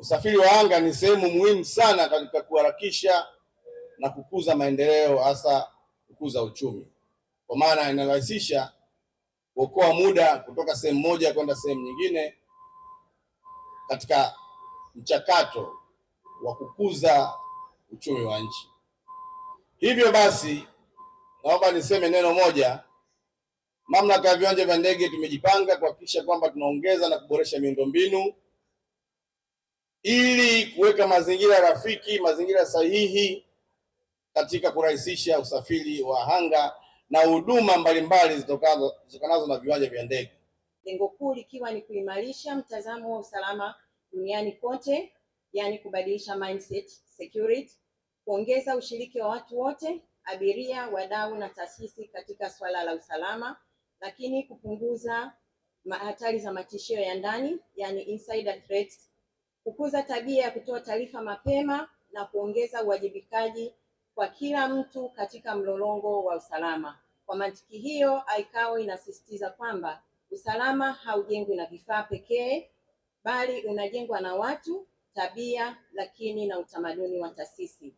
Usafiri wa anga ni sehemu muhimu sana katika kuharakisha na kukuza maendeleo, hasa kukuza uchumi, kwa maana inarahisisha kuokoa muda kutoka sehemu moja kwenda sehemu nyingine katika mchakato wa kukuza uchumi wa nchi. Hivyo basi, naomba niseme neno moja. Mamlaka ya viwanja vya ndege tumejipanga kuhakikisha kwamba tunaongeza na kuboresha miundombinu ili kuweka mazingira rafiki, mazingira sahihi katika kurahisisha usafiri wa anga na huduma mbalimbali zitokanazo na viwanja vya ndege, lengo kuu likiwa ni kuimarisha mtazamo wa usalama duniani kote, yaani kubadilisha mindset security, kuongeza ushiriki wa watu wote, abiria, wadau na taasisi katika swala la usalama, lakini kupunguza hatari za matishio ya ndani, yani insider threats kukuza tabia ya kutoa taarifa mapema na kuongeza uwajibikaji kwa kila mtu katika mlolongo wa usalama. Kwa mantiki hiyo, ICAO inasisitiza kwamba usalama haujengwi na vifaa pekee, bali unajengwa na watu, tabia, lakini na utamaduni wa taasisi.